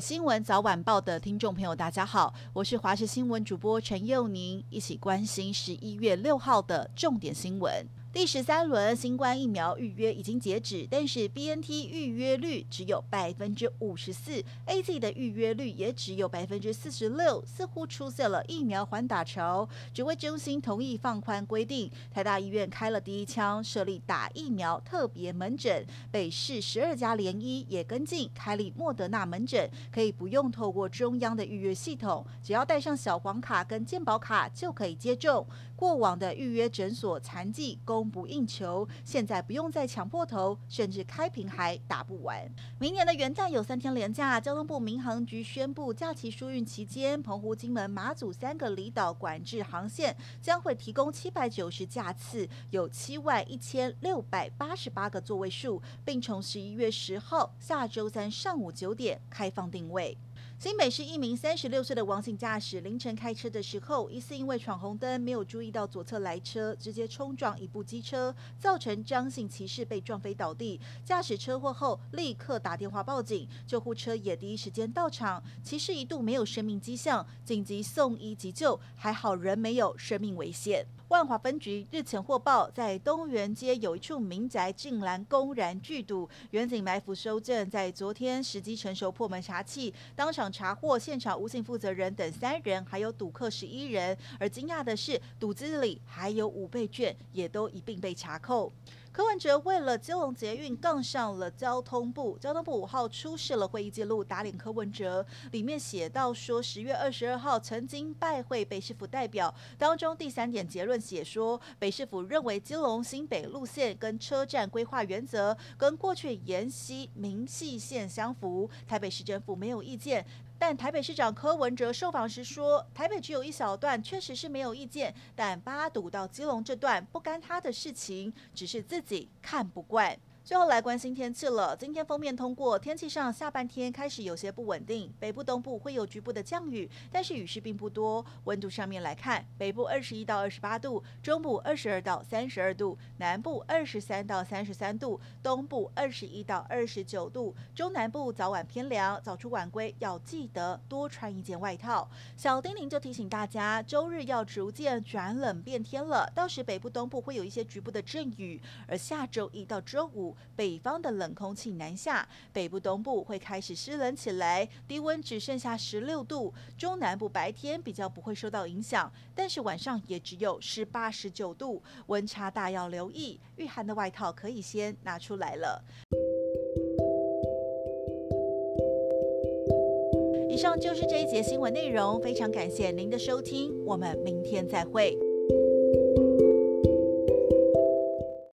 新聞早晚報的聽眾朋友，大家好，我是華視新聞主播陳佑寧，一起關心十一月六號的重點新聞。第十三輪新冠疫苗預約已經截止，但是 B N T 預約率只有百分之五十四，A Z 的預約率也只有百分之四十六，似乎出現了疫苗緩打潮。指揮中心同意放寬規定，台大醫院開了第一槍，設立打疫苗特別門診。北市十二家聯醫也跟進，開立莫德納門診，可以不用透過中央的預約系統，只要帶上小黃卡跟健保卡就可以接種。過往的預約診所、殘疾公不應求，現在不用再搶破頭，甚至開瓶還打不完。明年的元旦有三天連假，交通部民航局宣布，假期疏運期間，澎湖、金門、馬祖三個離島管制航線將會提供七百九十架次，有七萬一千六百八十八個座位數，並從十一月十號下週三上午九點開放訂位。新北市一名三十六歲的王姓駕駛，凌晨開車的時候，疑似因為闖紅燈，沒有注意到左側來車，直接衝撞一部機車，造成張姓騎士被撞飛倒地。駕駛車禍後，立刻打電話報警，救護車也第一時間到場。騎士一度沒有生命跡象，緊急送醫急救，還好人沒有生命危險。萬華分局日前獲報，在東園街有一處民宅竟然公然聚賭，員警埋伏蒐證，在昨天時機成熟破門查氣，當場。查獲現場無性負責人等三人，還有賭客十一人。而驚訝的是，賭資裡還有五倍券，也都一併被查扣。柯文哲為了基隆捷運，槓上了交通部。交通部五號出示了會議記錄，打臉柯文哲。裡面寫到說，十月二十二號曾經拜會北市府代表，當中第三點結論寫說，北市府認為基隆新北路線跟車站規劃原則跟過去延西明溪線相符，台北市政府沒有意見。但台北市長柯文哲受訪時說，台北只有一小段確實是沒有意見，但八堵到基隆這段不干他的事情，只是自己看不慣。最後來關心天氣了。今天鋒面通過天氣上，下半天開始有些不穩定，北部、東部會有局部的降雨，但是雨勢並不多。溫度上面來看，北部二十一到二十八度，中部二十二到三十二度，南部二十三到三十三度，東部二十一到二十九度。中南部早晚偏涼，早出晚歸要記得多穿一件外套。小叮嚀就提醒大家，週日要逐漸轉冷變天了，到時北部、東部會有一些局部的陣雨，而下週一到週五。北方的冷空氣南下，北部、東部會開始濕冷起來，低溫只剩下十六度。中南部白天比較不會受到影響，但是晚上也只有十八、十九度，溫差大要留意，御寒的外套可以先拿出來了。以上就是這一節新聞內容，非常感謝您的收聽，我們明天再會。